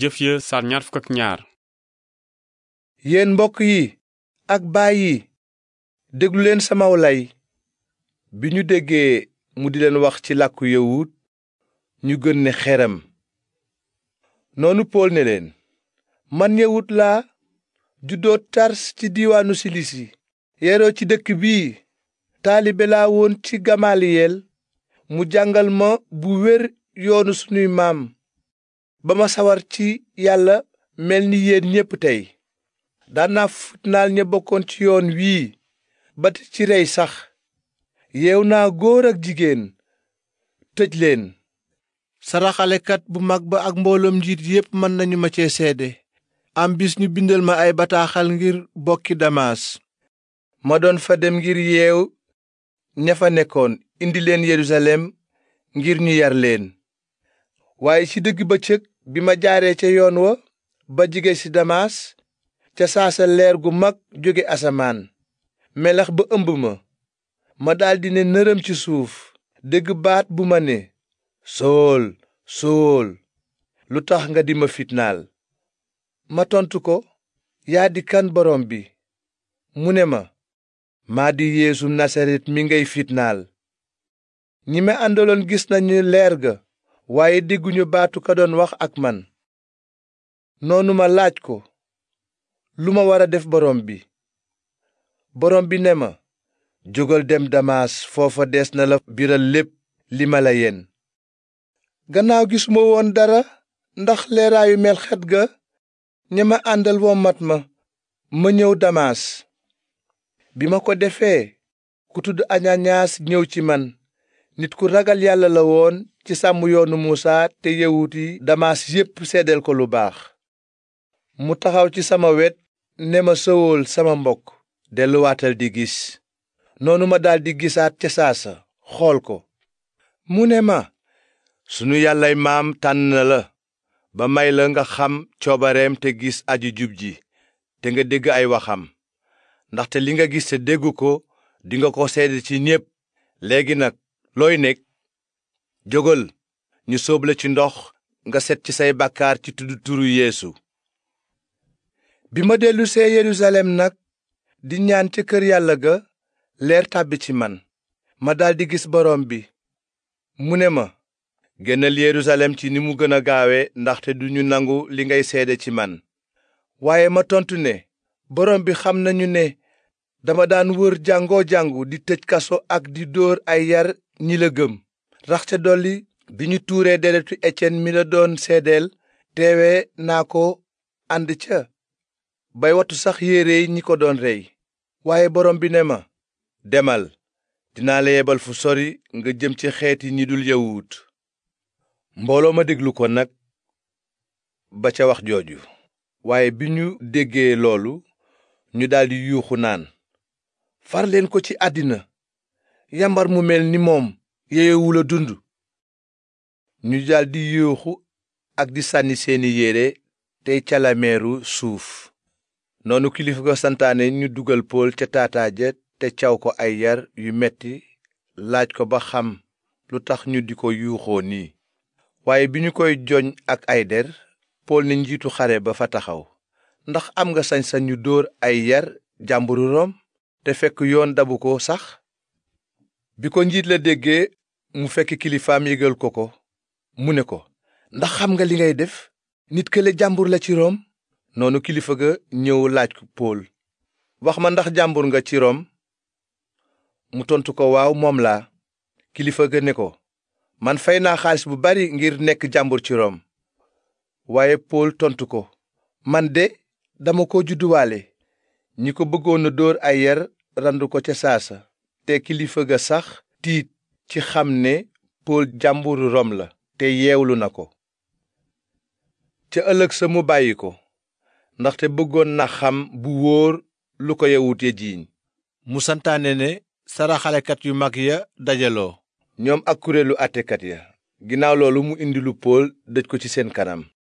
jëf ya mbokk yi ak baay yi leen samaw lay bi ñu déggee mu di leen wax ci làkku yawut ñu gën ne xeram noonu pool ne leen man yawut laa juddoo tars ci diiwaanu silisi yeroo ci dëkk bi taalibe laa woon ci gamaliyel mu jàngal ma bu wér yoonu sunuy maam ba ma sawar ci yàlla mel ni yéen ñépp tey daan naa futnaal ña bokkoon ci yoon wii ba ci rey sax yeew naa góor ak jigéen tëj leen saraxalekat bu mag ba ak mbooloom njiit yépp mën nañu ma cee seede am bis ñu bindal ma ay bataaxal ngir bokki damaas ma doon fa dem ngir yeew ña fa nekkoon indi leen yerusalem ngir ñu yar leen waaye ci dëgg bëccëg bi ma jaaree ca yoon wa ba jige ci damaas ca saasa leer gu mag jóge asamaan melax ba ëmb ma ma daldi ne nërëm ci suuf dégg baat bu ma ne sool sool lu tax nga di ma fitnaal ma tontu ko yaa di kan borom bi mu ne ma maa di yeesu nasaret mi ngay fitnaal ñi ma àndaloon gis nañu leer ga waaye dégguñu baatu ka doon wax ak man noonu ma laaj ko lu ma war a def borom bi borom bi ne ma jógal dem damaas foofa dees na la biral lépp li ma la yen gannaaw gisuma woon dara ndax leeraayu melxet ga ña ma àndal wommat ma ma ñëw damaas bi ma ko defee ku tudd añaañaas ñëw ci man nit ku ragal yàlla la woon ci sàmm yoonu muusaa te yawut yi damaas yépp seedeel ko lu baax mu taxaw ci sama wet ne ma sëwool sama mbokk delluwaatal di gis noonu ma daldi gisaat ca saasa xool ko mu ne ma sunu yàllay maam tànn na la ba may la nga xam coobareem te gis aju jub ji te nga dégg ay waxam ndaxte li nga gis te dégg ko dinga ko seede ci ñépp léegi nag looy nekk jógal ñu sóob ci ndox nga set ci say bàkkaar ci tudd turu yeesu bi ma dellusee yerusalem nag di ñaan ci kër yàlla ga leer tàbbi ci man ma daldi gis boroom bi mu ne ma génnal yerusalem ci ni mu gën a gaawe ndaxte duñu nangu li ngay seede ci man waaye ma tontu ne boroom bi xam nañu ne dama daan wër jàngoo jàngu di tëj kaso ak di dóor ay yar ñi la gëm rax ca dolli bi ñu tuuree deretu Étienne mi la doon seedeel teewee naa ko ànd ca bay wattu sax yére yi ñi ko doon rey waaye borom bi ne ma demal dinaa la yebal fu sori nga jëm ci xeeti ñi dul yawut mbooloo ma déglu ko nag ba ca wax jooju waaye bi ñu déggee loolu ñu daldi yuuxu naan farleen ko ci àddina yambar mu mel ni moom yeyewul a dund ñu daldi yuuxu ak di sànni seeni yére tey calameeru suuf noonu kilifa ga santaane ñu dugal pool ca taataaja te caw ko ay yar yu metti laaj ko ba xam lu tax ñu di ko yuuxoo nii waaye bi ñu koy joñ ak ay der pool ne njiitu xare ba fa taxaw ndax am nga sañ-sañu dóor ay yar jàmburu rom te fekk yoon dabu ko sax bi ko njiit la déggee mu fekk kilifaam yégal ko ko mu ne ko ndax xam nga li ngay def nit kële jàmbur la ci Room noonu kilifa ga ñëw laaj Pool wax ma ndax jàmbur nga ci Room mu tontu ko waaw moom laa kilifa ga ne ko man fay naa xaalis bu bari ngir nekk jàmbur ci Room waaye Pool tontu ko man de dama ko judduwaale ñi ko bëggoon a dóor ay yar randu ko ca saasa te kilifa ga sax tiit ci xam ne pool jàmburu rom la te yeewlu na ko ca ëllëg sa mu bàyyi ko ndaxte bëggoon na xam bu wóor lu ko yawut ya jiiñ mu santaane ne saraxalekat yu mag ya dajaloo ñoom ak kuréelu àttekat ya ginnaaw loolu mu indi lu pool dëj ko ci seen kanam